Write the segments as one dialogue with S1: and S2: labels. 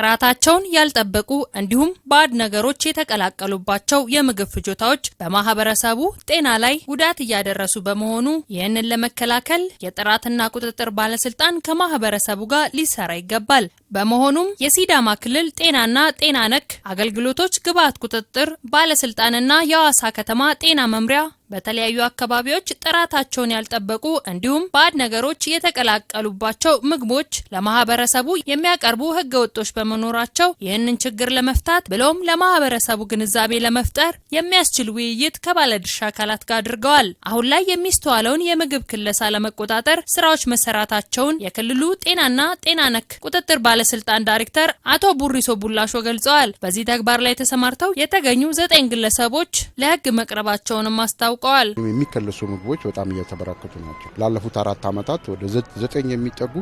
S1: ጥራታቸውን ያልጠበቁ እንዲሁም ባድ ነገሮች የተቀላቀሉባቸው የምግብ ፍጆታዎች በማህበረሰቡ ጤና ላይ ጉዳት እያደረሱ በመሆኑ ይህንን ለመከላከል የጥራትና ቁጥጥር ባለስልጣን ከማህበረሰቡ ጋር ሊሰራ ይገባል። በመሆኑም የሲዳማ ክልል ጤናና ጤና ነክ አገልግሎቶች ግብዓት ቁጥጥር ባለስልጣንና የአዋሳ ከተማ ጤና መምሪያ በተለያዩ አካባቢዎች ጥራታቸውን ያልጠበቁ እንዲሁም ባዕድ ነገሮች የተቀላቀሉባቸው ምግቦች ለማህበረሰቡ የሚያቀርቡ ህገወጦች በመኖራቸው ይህንን ችግር ለመፍታት ብሎም ለማህበረሰቡ ግንዛቤ ለመፍጠር የሚያስችል ውይይት ከባለድርሻ አካላት ጋር አድርገዋል። አሁን ላይ የሚስተዋለውን የምግብ ክለሳ ለመቆጣጠር ስራዎች መሰራታቸውን የክልሉ ጤናና ጤና ነክ ቁጥጥር ባለስልጣን ዳይሬክተር አቶ ቡሪሶ ቡላሾ ገልጸዋል። በዚህ ተግባር ላይ ተሰማርተው የተገኙ ዘጠኝ ግለሰቦች ለህግ መቅረባቸውንም አስታውቀዋል። አስታውቀዋል።
S2: የሚከለሱ ምግቦች በጣም እየተበራከቱ ናቸው። ላለፉት አራት ዓመታት ወደ ዘጠኝ የሚጠጉ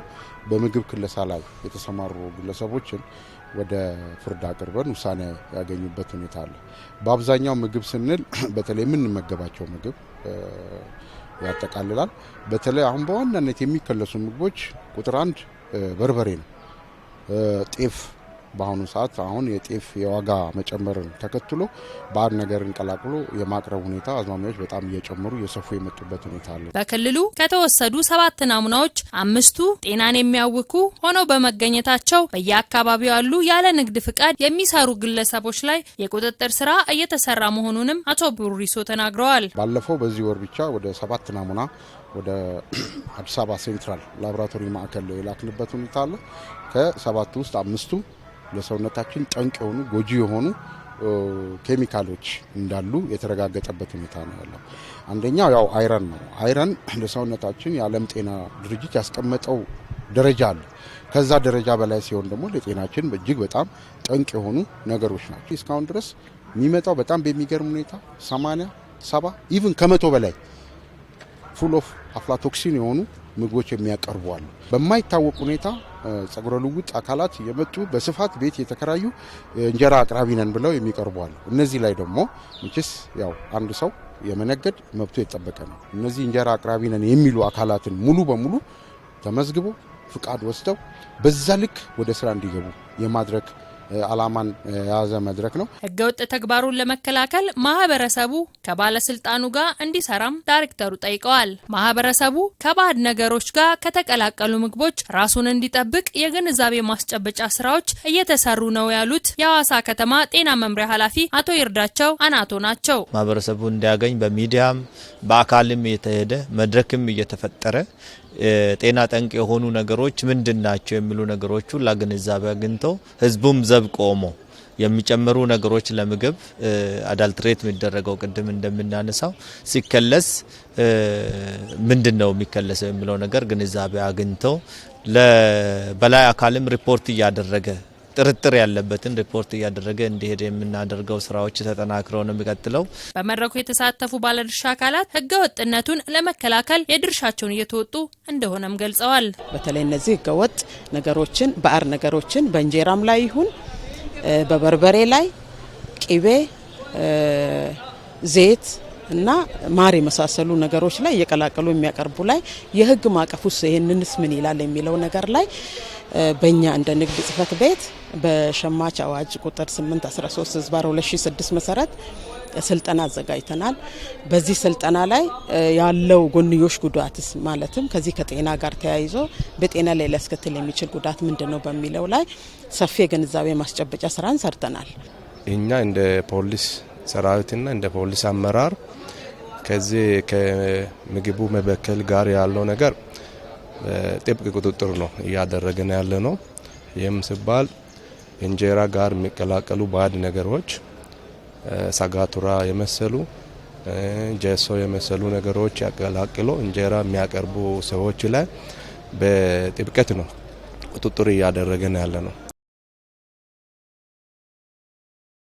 S2: በምግብ ክለሳ ላይ የተሰማሩ ግለሰቦችን ወደ ፍርድ አቅርበን ውሳኔ ያገኙበት ሁኔታ አለ። በአብዛኛው ምግብ ስንል በተለይ የምንመገባቸው ምግብ ያጠቃልላል። በተለይ አሁን በዋናነት የሚከለሱ ምግቦች ቁጥር አንድ በርበሬ ነው፣ ጤፍ በአሁኑ ሰዓት አሁን የጤፍ የዋጋ መጨመርን ተከትሎ በአንድ ነገር እንቀላቅሎ የማቅረብ ሁኔታ አዝማሚያዎች በጣም እየጨመሩ እየሰፉ የመጡበት ሁኔታ አለ።
S1: በክልሉ ከተወሰዱ ሰባት ናሙናዎች አምስቱ ጤናን የሚያውኩ ሆነው በመገኘታቸው በየአካባቢው ያሉ ያለ ንግድ ፍቃድ የሚሰሩ ግለሰቦች ላይ የቁጥጥር ስራ እየተሰራ መሆኑንም አቶ ቡሪሶ ተናግረዋል።
S2: ባለፈው በዚህ ወር ብቻ ወደ ሰባት ናሙና ወደ አዲስ አበባ ሴንትራል ላቦራቶሪ ማዕከል የላክንበት ሁኔታ አለ። ከሰባቱ ውስጥ አምስቱ ለሰውነታችን ጠንቅ የሆኑ ጎጂ የሆኑ ኬሚካሎች እንዳሉ የተረጋገጠበት ሁኔታ ነው ያለው። አንደኛው ያው አይረን ነው። አይረን ለሰውነታችን የዓለም ጤና ድርጅት ያስቀመጠው ደረጃ አለ። ከዛ ደረጃ በላይ ሲሆን ደግሞ ለጤናችን እጅግ በጣም ጠንቅ የሆኑ ነገሮች ናቸው። እስካሁን ድረስ የሚመጣው በጣም በሚገርም ሁኔታ ሰማንያ ሰባ ኢቭን ከመቶ በላይ ፉል ኦፍ አፍላቶክሲን የሆኑ ምግቦች የሚያቀርቡ አሉ በማይታወቅ ሁኔታ ጸጉረ ልውጥ አካላት የመጡ በስፋት ቤት የተከራዩ እንጀራ አቅራቢ ነን ብለው የሚቀርቡ አሉ። እነዚህ ላይ ደግሞ ምችስ ያው አንድ ሰው የመነገድ መብቱ የጠበቀ ነው። እነዚህ እንጀራ አቅራቢ ነን የሚሉ አካላትን ሙሉ በሙሉ ተመዝግቦ ፍቃድ ወስደው በዛ ልክ ወደ ስራ እንዲገቡ የማድረግ ዓላማን የያዘ መድረክ ነው።
S1: ህገወጥ ተግባሩን ለመከላከል ማህበረሰቡ ከባለስልጣኑ ጋር እንዲሰራም ዳይሬክተሩ ጠይቀዋል። ማህበረሰቡ ከባድ ነገሮች ጋር ከተቀላቀሉ ምግቦች ራሱን እንዲጠብቅ የግንዛቤ ማስጨበጫ ስራዎች እየተሰሩ ነው ያሉት የሐዋሳ ከተማ ጤና መምሪያ ኃላፊ አቶ ይርዳቸው አናቶ ናቸው።
S3: ማህበረሰቡ እንዲያገኝ በሚዲያም በአካልም እየተሄደ መድረክም እየተፈጠረ ጤና ጠንቅ የሆኑ ነገሮች ምንድን ናቸው የሚሉ ነገሮች ሁላ ግንዛቤ አግኝተው ህዝቡም ዘብ ቆሞ የሚጨምሩ ነገሮች ለምግብ አዳልትሬት የሚደረገው ቅድም እንደምናነሳው ሲከለስ ምንድን ነው የሚከለሰው የሚለው ነገር ግንዛቤ አግኝተው ለበላይ አካልም ሪፖርት እያደረገ ጥርጥር ያለበትን ሪፖርት እያደረገ እንዲሄድ የምናደርገው ስራዎች ተጠናክረው ነው የሚቀጥለው።
S1: በመድረኩ የተሳተፉ ባለድርሻ አካላት ህገ ወጥነቱን ለመከላከል የድርሻቸውን እየተወጡ እንደሆነም ገልጸዋል።
S4: በተለይ እነዚህ ህገ ወጥ ነገሮችን ባዕድ ነገሮችን በእንጀራም ላይ ይሁን በበርበሬ ላይ ቂቤ ዘይት እና ማር የመሳሰሉ ነገሮች ላይ እየቀላቀሉ የሚያቀርቡ ላይ የህግ ማዕቀፍ ውስጥ ይህንንስ ምን ይላል የሚለው ነገር ላይ በእኛ እንደ ንግድ ጽህፈት ቤት በሸማች አዋጅ ቁጥር 813 ህዝባር 2006 መሰረት ስልጠና አዘጋጅተናል። በዚህ ስልጠና ላይ ያለው ጎንዮሽ ጉዳትስ ማለትም ከዚህ ከጤና ጋር ተያይዞ በጤና ላይ ሊያስከትል የሚችል ጉዳት ምንድን ነው በሚለው ላይ ሰፊ የግንዛቤ ማስጨበጫ ስራን ሰርተናል።
S5: እኛ እንደ ፖሊስ ሰራዊትና እንደ ፖሊስ አመራር ከዚህ ከምግቡ መበከል ጋር ያለው ነገር ጥብቅ ቁጥጥር ነው እያደረግን ያለ ነው። ይህም ሲባል እንጀራ ጋር የሚቀላቀሉ ባዕድ ነገሮች ሳጋቱራ የመሰሉ ጀሶ የመሰሉ ነገሮች ያቀላቅሎ እንጀራ የሚያቀርቡ ሰዎች ላይ በጥብቀት ነው ቁጥጥር እያደረገን ያለ ነው።